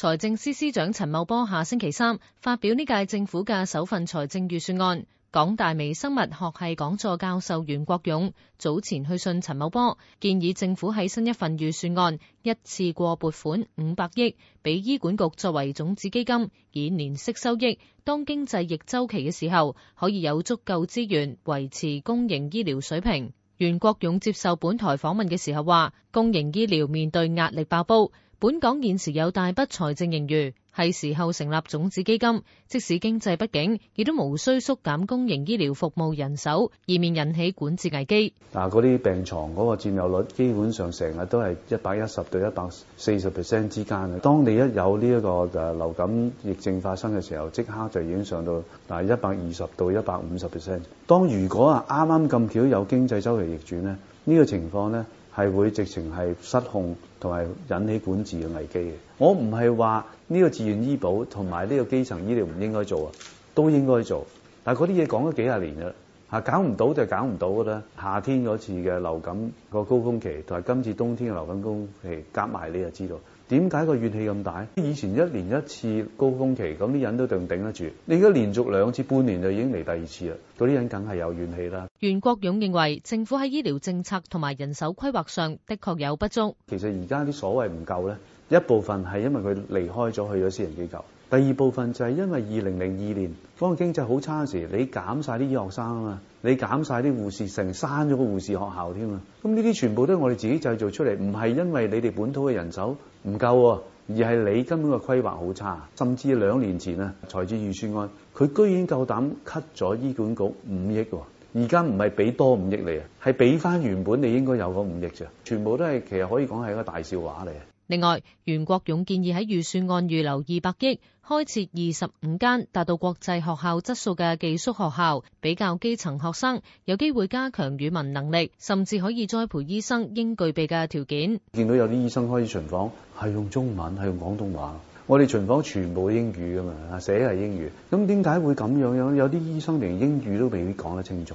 財政司司長陳茂波下星期三發表呢屆政府嘅首份財政預算案。港大微生物學系講座教授袁國勇早前去信陳茂波，建議政府喺新一份預算案一次過撥款五百億，俾醫管局作為種子基金，以年息收益，當經濟逆周期嘅時候，可以有足夠資源維持公營醫療水平。袁國勇接受本台訪問嘅時候話，公營醫療面對壓力爆煲。本港現時有大筆財政盈餘，係時候成立種子基金。即使經濟不景，亦都無需縮減公營醫療服務人手，以免引起管治危機。嗱，嗰啲病床嗰個佔有率，基本上成日都係一百一十到一百四十 percent 之間啊。當你一有呢一個誒流感疫症發生嘅時候，即刻就已經上到嗱一百二十到一百五十 percent。當如果啊啱啱咁巧有經濟周期逆轉咧，呢個情況咧，係會直情係失控同埋引起管治嘅危機嘅。我唔係話呢個自願醫保同埋呢個基層醫療唔應該做啊，都應該做。但係嗰啲嘢講咗幾廿年啦，嚇搞唔到就搞唔到㗎啦。夏天嗰次嘅流感個高峰期同埋今次冬天嘅流感高峰期夾埋，你就知道。點解個怨氣咁大？以前一年一次高峰期，咁啲人都仲頂得住。你而家連續兩次，半年就已經嚟第二次啦，嗰啲人梗係有怨氣啦。袁國勇認為政府喺醫療政策同埋人手規劃上的確有不足。其實而家啲所謂唔夠咧，一部分係因為佢離開咗去咗私人機構。第二部分就係因為二零零二年嗰個經濟好差時，你減晒啲醫學生啊嘛，你減晒啲護士，成刪咗個護士學校添啊，咁呢啲全部都係我哋自己製造出嚟，唔係因為你哋本土嘅人手唔夠，而係你根本個規劃好差。甚至兩年前啊，財政預算案，佢居然夠膽 cut 咗醫管局五億，而家唔係俾多五億你啊，係俾翻原本你應該有嗰五億啫，全部都係其實可以講係一個大笑話嚟。另外，袁國勇建議喺預算案預留二百億，開設二十五間達到國際學校質素嘅寄宿學校，比較基層學生有機會加強語文能力，甚至可以栽培醫生應具備嘅條件。見到有啲醫生開始巡房係用中文，係用廣東話，我哋巡房全部英語㗎嘛，寫係英語，咁點解會咁樣樣？有啲醫生連英語都未必講得清楚。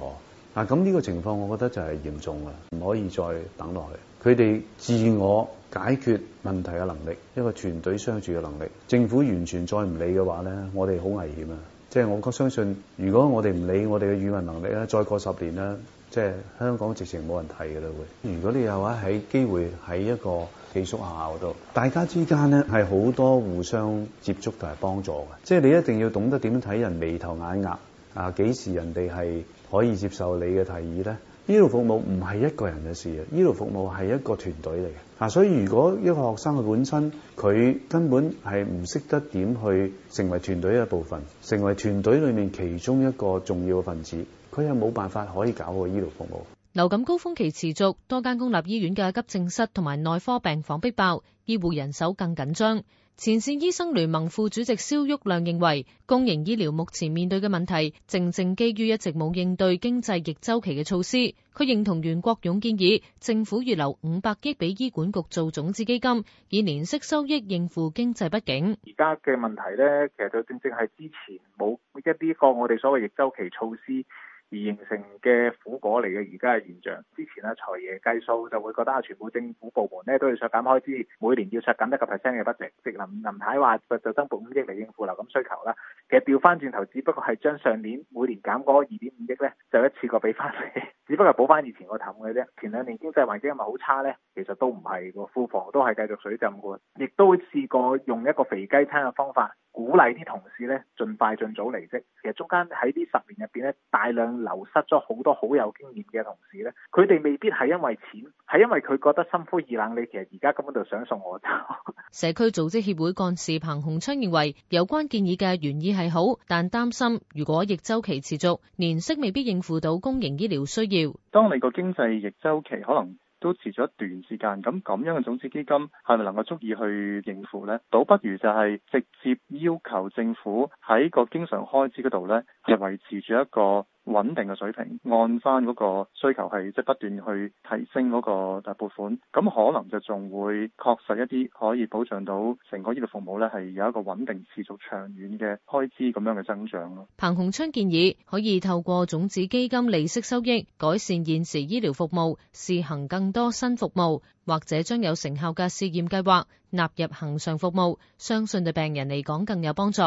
嗱咁呢個情況，我覺得就係嚴重啦，唔可以再等落去。佢哋自我解決問題嘅能力，一個團隊相處嘅能力，政府完全再唔理嘅話咧，我哋好危險啊！即係我相信，如果我哋唔理我哋嘅語文能力咧，再過十年咧，即係香港直情冇人睇嘅啦會。如果你又話喺機會喺一個寄宿學校度，大家之間咧係好多互相接觸同埋幫助嘅，即係你一定要懂得點樣睇人眉頭眼額。啊！幾時人哋係可以接受你嘅提議咧？醫療服務唔係一個人嘅事啊！醫療服務係一個團隊嚟嘅。啊，所以如果一個學生嘅本身佢根本係唔識得點去成為團隊一部分，成為團隊裏面其中一個重要嘅分子，佢係冇辦法可以搞個醫療服務。流感高峰期持續，多間公立醫院嘅急症室同埋內科病房逼爆，醫護人手更緊張。前線醫生聯盟副主席蕭旭亮認為，公營醫療目前面對嘅問題，正正基於一直冇應對經濟逆周期嘅措施。佢認同袁國勇建議，政府預留五百億俾醫管局做種子基金，以年息收益應付經濟不景。而家嘅問題呢，其實就正正係之前冇一啲個我哋所謂逆周期措施。而形成嘅苦果嚟嘅，而家嘅現象。之前阿財爺計數就會覺得啊，全部政府部門咧都要削減開支，每年要削減一個 percent 嘅 budget。即林林太話就增撥五億嚟應付樓咁需求啦。其實調翻轉頭，只不過係將上年每年減嗰二點五億咧，就一次過俾翻你。只不過補翻以前個氹嘅啫，前兩年經濟環境係咪好差呢？其實都唔係喎，庫房都係繼續水浸嘅，亦都試過用一個肥雞餐嘅方法鼓勵啲同事呢盡快盡早離職。其實中間喺呢十年入邊呢，大量流失咗好多好有經驗嘅同事呢，佢哋未必係因為錢，係因為佢覺得心灰意冷，你其實而家根本就想送我走。 社區組織協會幹事彭洪昌認為，有關建議嘅原意係好，但擔心如果逆周期持續，年息未必應付到公營醫療需要。當你個經濟逆周期可能都持續一段時間，咁咁樣嘅種子基金係咪能夠足以去應付咧？倒不如就係直接要求政府喺個經常開支嗰度咧，係維持住一個。穩定嘅水平，按翻嗰個需求係即、就是、不斷去提升嗰個大撥款，咁可能就仲會確實一啲可以保障到成個醫療服務咧係有一個穩定持續長遠嘅開支咁樣嘅增長咯。彭洪昌建議可以透過種子基金利息收益改善現時醫療服務，試行更多新服務，或者將有成效嘅試驗計劃納入恒常服務，相信對病人嚟講更有幫助。